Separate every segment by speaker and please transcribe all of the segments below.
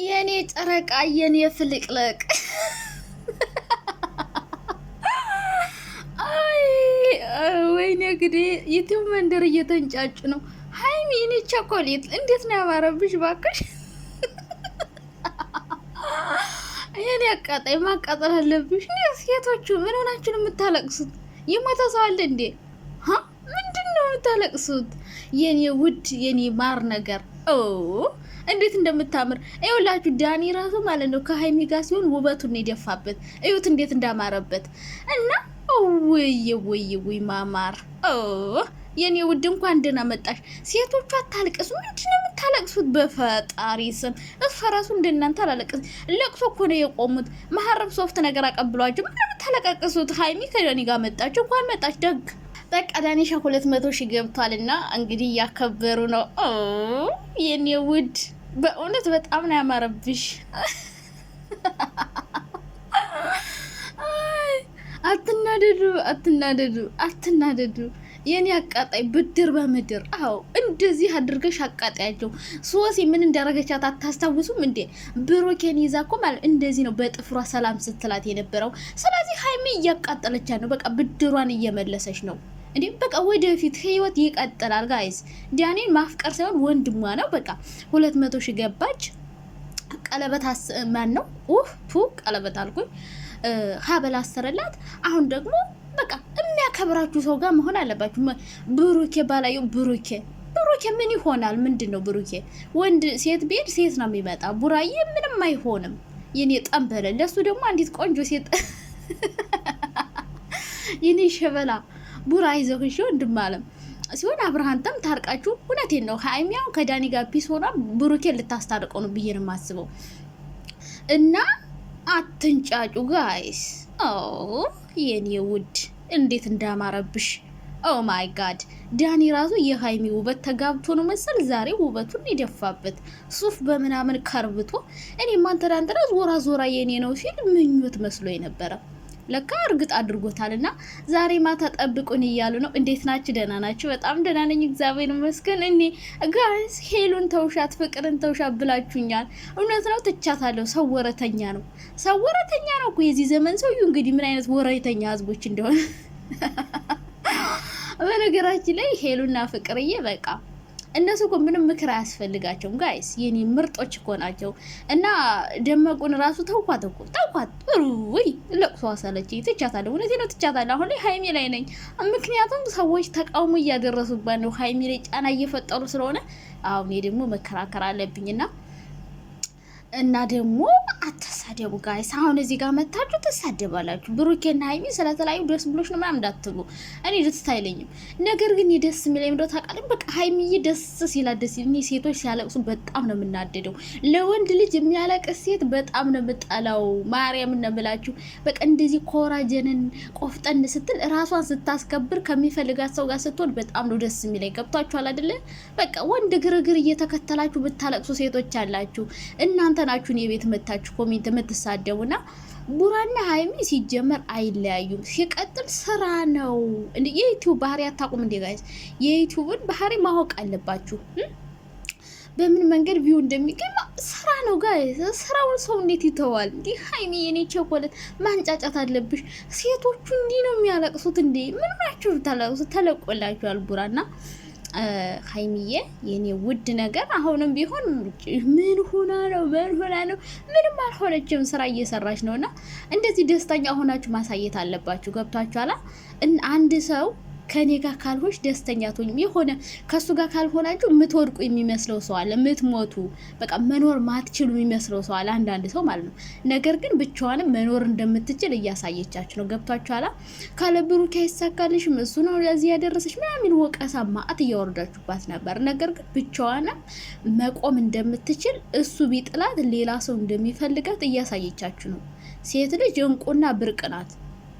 Speaker 1: የኔ ጨረቃ የኔ ፍልቅልቅ ወይኔ እንግዲህ የትም መንደር እየተንጫጩ ነው። ሀይሚ የኔ ቸኮሌት እንዴት ነው ያማረብሽ ባክሽ! የኔ አቃጣይ ማቃጠል አለብሽ። ሴቶቹ ምን ሆናችሁ ነው የምታለቅሱት? የሞተ ሰው አለ እንዴ? ምንድን ነው የምታለቅሱት? የኔ ውድ የኔ ማር ነገር እንዴት እንደምታምር ይኸውላችሁ። ዳኒ ራሱ ማለት ነው ከሀይሚ ጋር ሲሆን ውበቱን የደፋበት እዩት፣ እንዴት እንዳማረበት እና ወይ ወይ ወይ ማማር የኔ ውድ እንኳን ደህና መጣሽ። ሴቶቹ አታልቅሱ። ምንድን ነው የምታለቅሱት? በፈጣሪ ስም እሷ ራሱ እንደናንተ አላለቅስ። ለቅሶ እኮ ነው የቆሙት። መሀረብ ሶፍት ነገር አቀብሏቸው ምንድን ነው የምታለቃቅሱት? ሀይሚ ከዳኒ ጋር መጣች። እንኳን መጣች ደግ በቃ ዳኒሻ ሁለት መቶ ሺህ ገብቷል እና እንግዲህ እያከበሩ ነው። የኔ ውድ በእውነት በጣም ነው ያማረብሽ። አትናደዱ፣ አትናደዱ፣ አትናደዱ የኔ አቃጣይ ብድር በምድር አዎ፣ እንደዚህ አድርገሽ አቃጣያቸው። ሶሲ ምን እንዳረገቻት አታስታውሱም እንዴ? ብሩኬን ይዛ እኮ ማለት እንደዚህ ነው በጥፍሯ ሰላም ስትላት የነበረው። ስለዚህ ሀይሜ እያቃጠለቻት ነው። በቃ ብድሯን እየመለሰች ነው። እንዴ በቃ ወደፊት ህይወት ይቀጥላል። ጋይስ ዳኒን ማፍቀር ሳይሆን ወንድሟ ነው። በቃ ሁለት መቶ ሺህ ገባች። ቀለበት ማን ነው? ኡህ ፑ ቀለበት አልኩኝ። ሀበል አሰረላት። አሁን ደግሞ በቃ የሚያከብራችሁ ሰው ጋር መሆን አለባችሁ። ብሩኬ ባላየው ብሩኬ ብሩኬ ምን ይሆናል? ምንድን ነው ብሩኬ? ወንድ ሴት ቤድ ሴት ነው የሚመጣ። ቡራዬ ምንም አይሆንም። የኔ ጠንበለ ለሱ ደግሞ አንዲት ቆንጆ ሴት የኔ ሸበላ ቡራ ይዘክሽ ወንድም አለም ሲሆን አብርሃንተም ታርቃችሁ እውነቴን ነው ከአይሚያው ከዳኒ ጋር ፒስ ሆና ብሩኬን ልታስታርቀው ነው ብዬ ነው የማስበው። እና አትንጫጩ ጋይስ። የኔ ውድ እንዴት እንዳማረብሽ ኦ ማይ ጋድ ዳኒ ራሱ የሀይሚ ውበት ተጋብቶ ነው መሰል ዛሬ ውበቱን የደፋበት ሱፍ በምናምን ከርብቶ እኔ ማንተዳንተራ ዞራ ዞራ የኔ ነው ሲል ምኞት መስሎ የነበረ ለካ እርግጥ አድርጎታል። እና ዛሬ ማታ ጠብቁን እያሉ ነው። እንዴት ናችሁ? ደህና ናችሁ? በጣም ደህና ነኝ እግዚአብሔር ይመስገን። እኔ ጋይስ ሄሉን ተውሻት፣ ፍቅርን ተውሻት ብላችሁኛል። እውነት ነው፣ ትቻታለሁ። ሰው ወረተኛ ነው፣ ሰው ወረተኛ ነው እኮ የዚህ ዘመን ሰውዩ። እንግዲህ ምን አይነት ወረተኛ ህዝቦች እንደሆነ በነገራችን ላይ ሄሉና ፍቅርዬ በቃ እነሱ እኮ ምንም ምክር አያስፈልጋቸውም። ጋይስ የኔ ምርጦች እኮ ናቸው። እና ደመቁን ራሱ ተውኳት እኮ ተውኳት። ወይ ለቅሶ አሳለች። ትቻታለሁ፣ እውነቴ ነው ትቻታለሁ። አሁን ላይ ሀይሚ ላይ ነኝ። ምክንያቱም ሰዎች ተቃውሞ እያደረሱባት ነው፣ ሀይሚ ላይ ጫና እየፈጠሩ ስለሆነ አሁን ደግሞ መከራከር አለብኝና እና ደግሞ አታሳደቡ ጋይስ። አሁን እዚህ ጋር መታችሁ ትሳደባላችሁ። ብሩኬና ሀይሚ ስለተለያዩ ደስ ብሎች ነው ምናምን እንዳትሉ። እኔ ደስ አይለኝም፣ ነገር ግን የደስ የሚለኝ ምንድነው ታውቃለህ? በቃ ሀይሚዬ ደስ ሲላት ደስ ይለኝ። ሴቶች ሲያለቅሱ በጣም ነው የምናደደው። ለወንድ ልጅ የሚያለቅስ ሴት በጣም ነው የምጠላው። ማርያም ነው ብላችሁ በቃ እንደዚህ ኮራጀንን ቆፍጠን ስትል ራሷን ስታስከብር ከሚፈልጋት ሰው ጋር ስትሆን በጣም ነው ደስ የሚለኝ። ገብቷችኋል አይደለ? በቃ ወንድ ግርግር እየተከተላችሁ ብታለቅሱ ሴቶች አላችሁ እናንተ ናችሁን የቤት መታችሁ ኮሜንት የምትሳደቡ ና ቡራና ሀይሚ ሲጀመር አይለያዩም። ሲቀጥል ስራ ነው። የዩቲዩብ ባህሪ አታውቁም እንዴ ጋይዝ? የዩቲዩብን ባህሪ ማወቅ አለባችሁ። በምን መንገድ ቪው እንደሚገኝ ስራ ነው ጋይስ። ስራውን ሰው እንዴት ይተዋል? እንዲህ ሀይሚ የኔ ቸኮለት ማንጫጫት አለብሽ። ሴቶቹ እንዲህ ነው የሚያለቅሱት እንዴ? ምን ናቸው ታለቅሱት? ተለቆላችኋል ቡራና ሀይሚዬ የኔ ውድ ነገር አሁንም ቢሆን ምን ሆና ነው ምን ሆና ነው? ምንም አልሆነችም፣ ስራ እየሰራች ነው። እና እንደዚህ ደስተኛ ሆናችሁ ማሳየት አለባችሁ። ገብታችኋላ አንድ ሰው ከኔ ጋር ካልሆንሽ ደስተኛ ትሆኝም የሆነ ከሱ ጋር ካልሆናችሁ የምትወድቁ የሚመስለው ሰው አለ። የምትሞቱ በቃ መኖር ማትችሉ የሚመስለው ሰው አለ፣ አንዳንድ ሰው ማለት ነው። ነገር ግን ብቻዋንም መኖር እንደምትችል እያሳየቻችሁ ነው። ገብቷችኋላ? ካለ ብሩኬ አይሳካልሽም፣ እሱ ነው ለዚህ ያደረሰች ምናምን ወቀሳ ማአት እያወረዳችሁባት ነበር። ነገር ግን ብቻዋንም መቆም እንደምትችል እሱ ቢጥላት ሌላ ሰው እንደሚፈልጋት እያሳየቻችሁ ነው። ሴት ልጅ እንቁና ብርቅ ናት።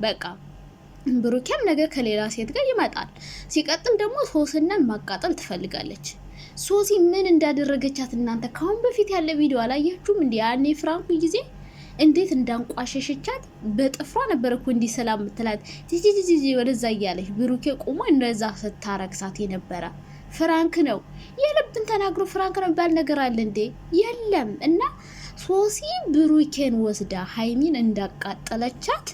Speaker 1: በቃ ብሩኬም ነገር ከሌላ ሴት ጋር ይመጣል። ሲቀጥል ደግሞ ሶስናን ማቃጠል ትፈልጋለች። ሶሲ ምን እንዳደረገቻት እናንተ ካሁን በፊት ያለ ቪዲዮ አላያችሁም? እንዲ ያኔ ፍራንኩ ጊዜ እንዴት እንዳንቋሸሸቻት በጥፍሯ ነበር እኮ እንዲህ ሰላም ምትላት ቲቲቲቲ ወደዛ እያለች ብሩኬ ቁሞ እንደዛ ስታረግሳት የነበረ ፍራንክ ነው። የልብን ተናግሮ ፍራንክ ነው የሚባል ነገር አለ እንዴ? የለም። እና ሶሲ ብሩኬን ወስዳ ሀይሚን እንዳቃጠለቻት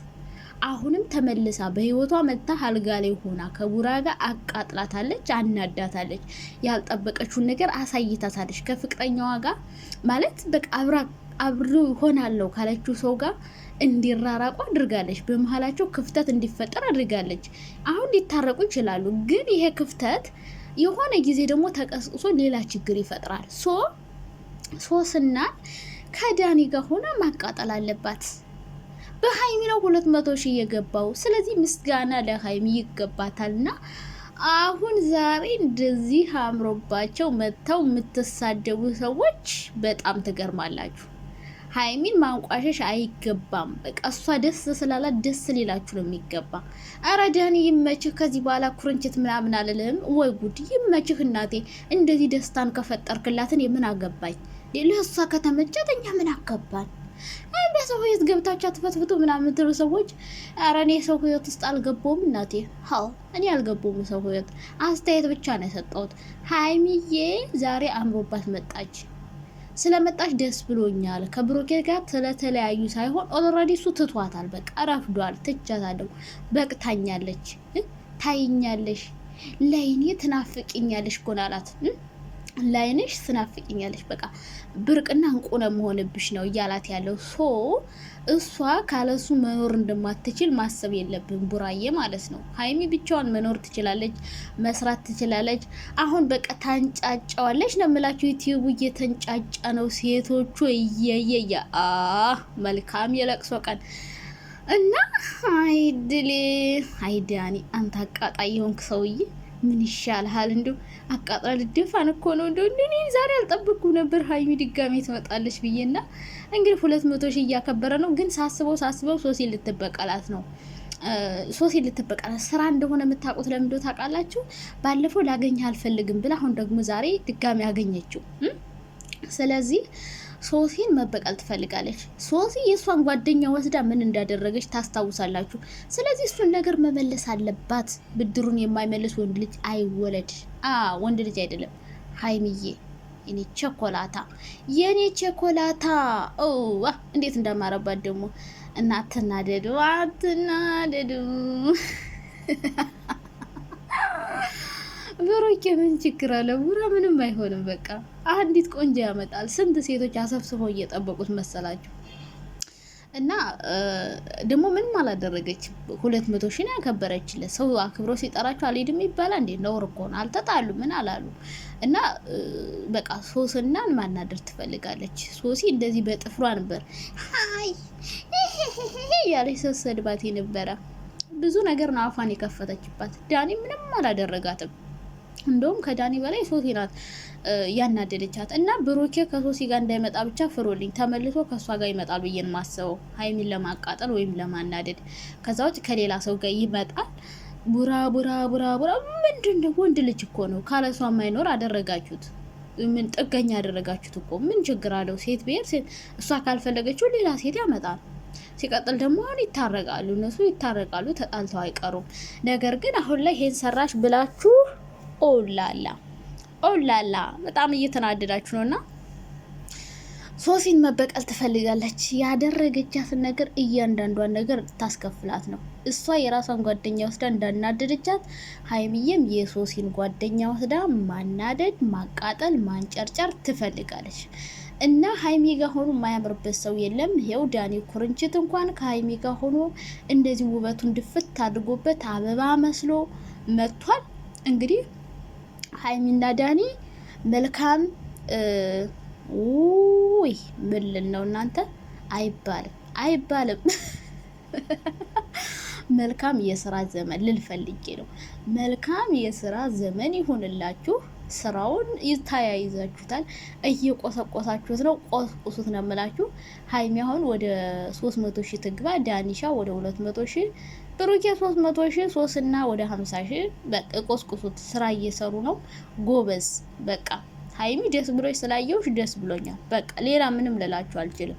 Speaker 1: አሁንም ተመልሳ በህይወቷ መታ አልጋ ላይ ሆና ከቡራ ጋር አቃጥላታለች፣ አናዳታለች፣ ያልጠበቀችውን ነገር አሳይታታለች። ከፍቅረኛዋ ጋር ማለት በቃ አብራ አብሮ ሆናለሁ ካለችው ሰው ጋር እንዲራራቁ አድርጋለች። በመሀላቸው ክፍተት እንዲፈጠር አድርጋለች። አሁን ሊታረቁ ይችላሉ፣ ግን ይሄ ክፍተት የሆነ ጊዜ ደግሞ ተቀስቅሶ ሌላ ችግር ይፈጥራል። ሶ ሶስናን ከዳኒ ጋር ሆና ማቃጠል አለባት። በሀይሚ ነው ሁለት መቶ ሺህ የገባው። ስለዚህ ምስጋና ለሀይሚ ይገባታልና አሁን ዛሬ እንደዚህ አምሮባቸው መጥተው የምትሳደቡ ሰዎች በጣም ትገርማላችሁ። ሀይሚን ማንቋሸሽ አይገባም። በቃ እሷ ደስ ስላላት ደስ ሌላችሁ ነው የሚገባ። አረ ዳኒ ይመችህ፣ ከዚህ በኋላ ኩርንችት ምናምን አልልህም። ወይ ጉድ ይመችህ እናቴ። እንደዚህ ደስታን ከፈጠርክላትን የምን አገባኝ። ለእሷ ከተመቻት እኛ ምን አገባን? እንደ ሰው ህይወት ገብታችሁ አትፈትፍቱ ምናምን የምትሉ ሰዎች፣ ኧረ እኔ ሰው ህይወት ውስጥ አልገባሁም እናቴ። ሀው እኔ አልገባሁም ሰው ህይወት፣ አስተያየት ብቻ ነው የሰጠሁት። ሀይሚዬ ዛሬ አምሮባት መጣች። ስለመጣች ደስ ብሎኛል። ከብሮኬት ጋር ስለተለያዩ ሳይሆን ኦልሬዲ እሱ ትቷታል። በቃ ረፍዷል። ትቻታለሁ። በቅታኛለች። ታይኛለሽ፣ ለይኔ ትናፍቅኛለሽ ጎናላት ላይንሽ ስናፍቅኛለሽ በቃ ብርቅና እንቁ ነው መሆንብሽ ነው እያላት ያለው ሶ እሷ ካለሱ መኖር እንደማትችል ማሰብ የለብን ቡራዬ ማለት ነው። ሀይሚ ብቻዋን መኖር ትችላለች፣ መስራት ትችላለች። አሁን በቃ ታንጫጫዋለች ነው የምላቸው። ዩቲዩቡ እየተንጫጫ ነው ሴቶቹ እየየየ መልካም የለቅሶ ቀን እና አይድሌ አይዳኒ አንተ አቃጣይ የሆንክ ሰውዬ ምን ይሻልሃል? እንዲሁ አቃጥራ ልደፋን እኮ ነው። እንዲ እንዲ ዛሬ አልጠብኩ ነበር ሀይሚ ድጋሜ ትመጣለች ብዬና እንግዲህ ሁለት መቶ ሺህ እያከበረ ነው። ግን ሳስበው ሳስበው ሶሲ ልትበቀላት ነው ሶሲ ልትበቀላት ስራ እንደሆነ የምታውቁት ለምዶ ታውቃላችሁ። ባለፈው ላገኘህ አልፈልግም ብላ አሁን ደግሞ ዛሬ ድጋሚ አገኘችው። ስለዚህ ሶሲን መበቀል ትፈልጋለች። ሶሲ የእሷን ጓደኛ ወስዳ ምን እንዳደረገች ታስታውሳላችሁ። ስለዚህ እሱን ነገር መመለስ አለባት። ብድሩን የማይመልስ ወንድ ልጅ አይወለድ። ወንድ ልጅ አይደለም ሀይሚዬ የኔ ቸኮላታ የኔ ቸኮላታ ዋ እንዴት እንዳማረባት ደግሞ እናትናደዱ አትናደዱ ብሩኬ ምን ችግር አለ? ቡራ ምንም አይሆንም። በቃ አንዲት ቆንጆ ያመጣል። ስንት ሴቶች አሰብስቦ እየጠበቁት መሰላችሁ? እና ደግሞ ምንም አላደረገች። ሁለት መቶ ሺን ነው ያከበረችለት። ሰው አክብሮ ሲጠራቸው አልሄድም ይባላል እንዴ? ነውር እኮ ነው። አልተጣሉ ምን አላሉ። እና በቃ ሶስናን ማናደር ትፈልጋለች። ሶሲ እንደዚህ በጥፍሯ ነበር ሀይ ያለች ሰሰድባት ሰድባት ነበረ። ብዙ ነገር ነው አፏን የከፈተችባት። ዳኒ ምንም አላደረጋትም። እንደውም ከዳኒ በላይ ሶሲ ናት ያናደደቻት እና ብሩኬ ከሶሲ ጋር እንዳይመጣ ብቻ ፍሮልኝ፣ ተመልሶ ከእሷ ጋር ይመጣል ብዬን ማስበው ሀይሚን ለማቃጠል ወይም ለማናደድ። ከዛ ውጭ ከሌላ ሰው ጋር ይመጣል። ቡራ ቡራ ቡራ ቡራ ምንድን ነው? ወንድ ልጅ እኮ ነው። ካለሷ ማይኖር አደረጋችሁት። ምን ጥገኛ ያደረጋችሁት እኮ ምን ችግር አለው? ሴት ብሄር እሷ ካልፈለገችው ሌላ ሴት ያመጣል። ሲቀጥል ደግሞ አሁን ይታረቃሉ፣ እነሱ ይታረቃሉ፣ ተጣልተው አይቀሩም። ነገር ግን አሁን ላይ ይሄን ሰራሽ ብላችሁ ኦላላ ኦላላ በጣም እየተናደዳችሁ ነው እና ሶሲን መበቀል ትፈልጋለች። ያደረገቻትን ነገር እያንዳንዷን ነገር ታስከፍላት ነው። እሷ የራሷን ጓደኛ ወስዳ እንዳናደደቻት ሀይሚዬም የሶሲን ጓደኛ ወስዳ ማናደድ፣ ማቃጠል፣ ማንጨርጨር ትፈልጋለች እና ሀይሚ ጋር ሆኖ የማያምርበት ሰው የለም። ይሄው ዳኒ ኩርንችት እንኳን ከሀይሚ ጋር ሆኖ እንደዚህ ውበቱን ድፍት አድርጎበት አበባ መስሎ መጥቷል እንግዲህ ሀይሚና ዳኒ መልካም ውይ ምን ነው እናንተ? አይባልም አይባልም። መልካም የስራ ዘመን ልልፈልጌ ነው። መልካም የስራ ዘመን ይሁንላችሁ። ስራውን ይታያይዛችሁታል፣ እየቆሰቆሳችሁት ነው። ቆስቁሱት ነው የምላችሁ። ሀይሚ አሁን ወደ ሶስት መቶ ሺህ ትግባ፣ ዳኒሻ ወደ ሁለት መቶ ሺህ ብሩኬ 300 ሺህ 3 እና ወደ 50 ሺህ በቃ ቆስቁሱት። ስራ እየሰሩ ነው። ጎበዝ። በቃ ሀይሚ ደስ ብሎች ስላየውሽ ደስ ብሎኛል። በቃ ሌላ ምንም ልላችሁ አልችልም።